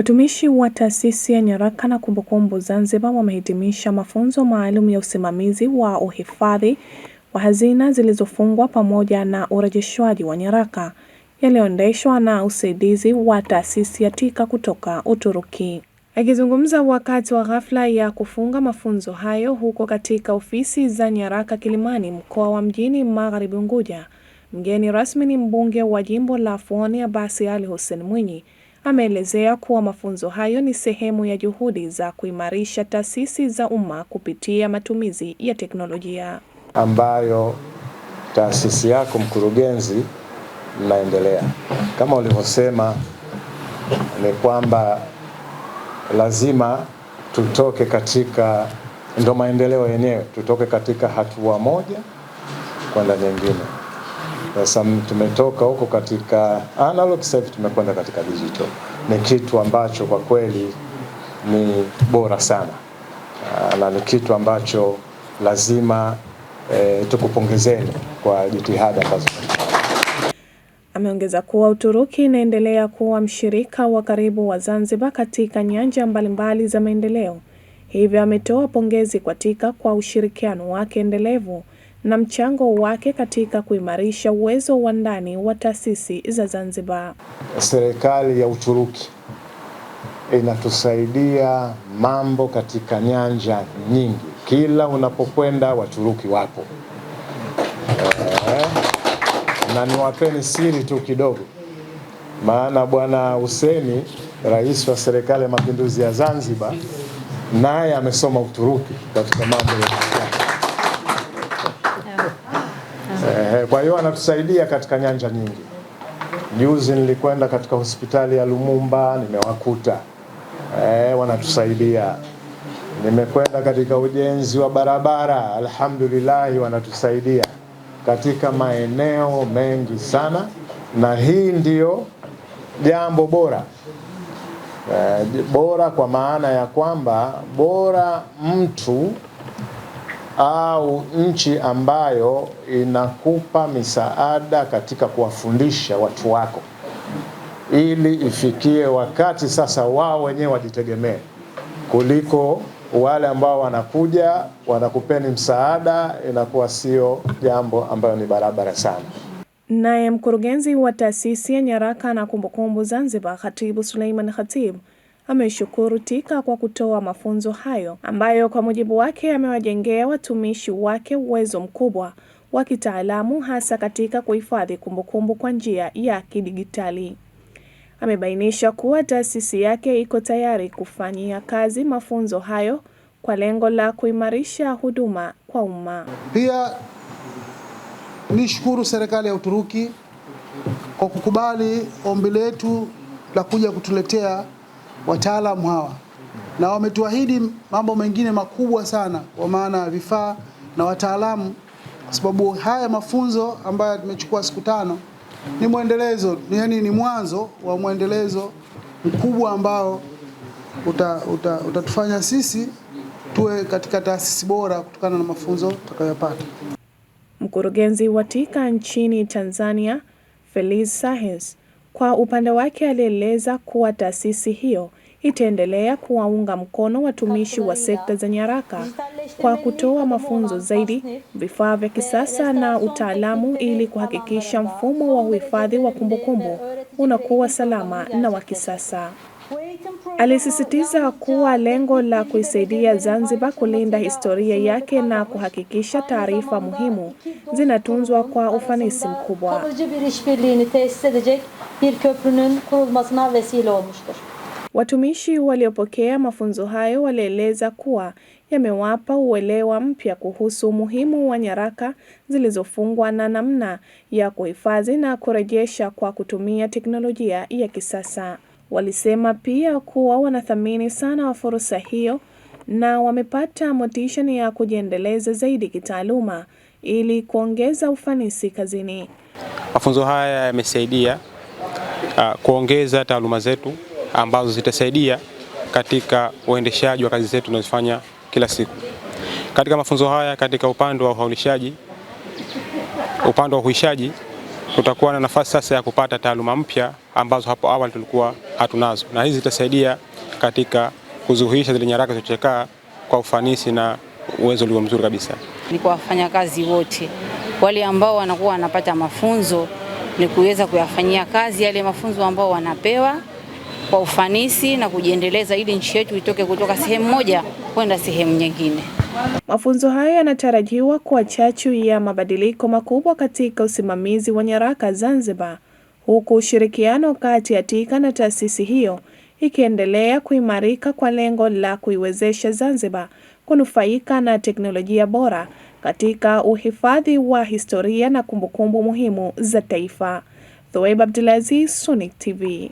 Watumishi wa Taasisi ya Nyaraka na Kumbukumbu Zanzibar wamehitimisha mafunzo maalum ya usimamizi wa uhifadhi wa hazina zilizofungwa pamoja na urejeshwaji wa nyaraka yaliyoendeshwa na usaidizi wa taasisi ya TIKA kutoka Uturuki. Akizungumza wakati wa ghafla ya kufunga mafunzo hayo huko katika ofisi za nyaraka Kilimani, mkoa wa Mjini Magharibi Unguja, mgeni rasmi ni mbunge wa jimbo la Fuoni Abasi Ali Hussein Mwinyi Ameelezea kuwa mafunzo hayo ni sehemu ya juhudi za kuimarisha taasisi za umma kupitia matumizi ya teknolojia ambayo taasisi yako mkurugenzi mnaendelea. Kama ulivyosema, ni kwamba lazima tutoke katika, ndo maendeleo yenyewe, tutoke katika hatua moja kwenda nyingine. Sasa tumetoka huko katika analog, ah, sasa tumekwenda katika digital. Ni kitu ambacho kwa kweli ni bora sana ah, na ni kitu ambacho lazima e, tukupongezeni kwa jitihada ambazo Ameongeza kuwa Uturuki inaendelea kuwa mshirika wa karibu wa Zanzibar katika nyanja mbalimbali za maendeleo. Hivyo ametoa pongezi kwa TIKA kwa ushirikiano wake endelevu na mchango wake katika kuimarisha uwezo wa ndani wa taasisi za Zanzibar. Serikali ya Uturuki inatusaidia mambo katika nyanja nyingi. Kila unapokwenda Waturuki wapo na na niwapeni siri tu kidogo, maana Bwana Huseni, rais wa serikali ya mapinduzi ya Zanzibar, naye amesoma Uturuki katika mambo ya Kwa hiyo anatusaidia katika nyanja nyingi. Juzi nilikwenda katika hospitali ya Lumumba nimewakuta eh, wanatusaidia. Nimekwenda katika ujenzi wa barabara, alhamdulillah wanatusaidia katika maeneo mengi sana, na hii ndiyo jambo bora eh, bora kwa maana ya kwamba bora mtu au nchi ambayo inakupa misaada katika kuwafundisha watu wako, ili ifikie wakati sasa wao wenyewe wajitegemee kuliko wale ambao wanakuja wanakupeni msaada, inakuwa sio jambo ambayo ni barabara sana. Naye mkurugenzi wa taasisi ya nyaraka na kumbukumbu Zanzibar, Khatibu Suleiman khatibu ameshukuru tika kwa kutoa mafunzo hayo ambayo kwa mujibu wake amewajengea watumishi wake uwezo mkubwa wa kitaalamu hasa katika kuhifadhi kumbukumbu kwa njia ya kidigitali. Amebainisha kuwa taasisi yake iko tayari kufanyia kazi mafunzo hayo kwa lengo la kuimarisha huduma kwa umma. Pia nishukuru serikali ya Uturuki kwa kukubali ombi letu la kuja kutuletea wataalamu hawa, na wametuahidi mambo mengine makubwa sana, kwa maana ya vifaa na wataalamu, kwa sababu haya mafunzo ambayo tumechukua siku tano ni mwendelezo, yani ni mwanzo wa mwendelezo mkubwa ambao utatufanya uta, uta sisi tuwe katika taasisi bora kutokana na mafunzo tutakayopata. Mkurugenzi wa TIKA nchini Tanzania, Felice Sahes kwa upande wake alieleza kuwa taasisi hiyo itaendelea kuwaunga mkono watumishi wa sekta za nyaraka kwa kutoa mafunzo zaidi, vifaa vya kisasa na utaalamu ili kuhakikisha mfumo wa uhifadhi wa kumbukumbu unakuwa salama na wa kisasa. Alisisitiza kuwa lengo la kuisaidia Zanzibar kulinda historia yake na kuhakikisha taarifa muhimu zinatunzwa kwa ufanisi mkubwa. Watumishi waliopokea mafunzo hayo walieleza kuwa yamewapa uelewa mpya kuhusu umuhimu wa nyaraka zilizofungwa na namna ya kuhifadhi na kurejesha kwa kutumia teknolojia ya kisasa. Walisema pia kuwa wanathamini sana wa fursa hiyo na wamepata motisha ya kujiendeleza zaidi kitaaluma ili kuongeza ufanisi kazini. Mafunzo haya yamesaidia uh, kuongeza taaluma zetu ambazo zitasaidia katika uendeshaji wa kazi zetu tunazofanya kila siku. Katika mafunzo haya katika upande wa uhaulishaji, upande wa uhuishaji tutakuwa na nafasi sasa ya kupata taaluma mpya ambazo hapo awali tulikuwa hatunazo, na hizi zitasaidia katika kuzuhisha zile nyaraka zilizochakaa kwa ufanisi na uwezo ulio mzuri kabisa. Ni kwa wafanyakazi wote wale ambao wanakuwa wanapata mafunzo, ni kuweza kuyafanyia kazi yale mafunzo ambao wanapewa kwa ufanisi na kujiendeleza, ili nchi yetu itoke kutoka sehemu moja kwenda sehemu nyingine. Mafunzo haya yanatarajiwa kuwa chachu ya mabadiliko makubwa katika usimamizi wa nyaraka Zanzibar, huku ushirikiano kati ya TIKA na taasisi hiyo ikiendelea kuimarika kwa lengo la kuiwezesha Zanzibar kunufaika na teknolojia bora katika uhifadhi wa historia na kumbukumbu muhimu za taifa. Thoeba Abdulaziz, Sunic TV.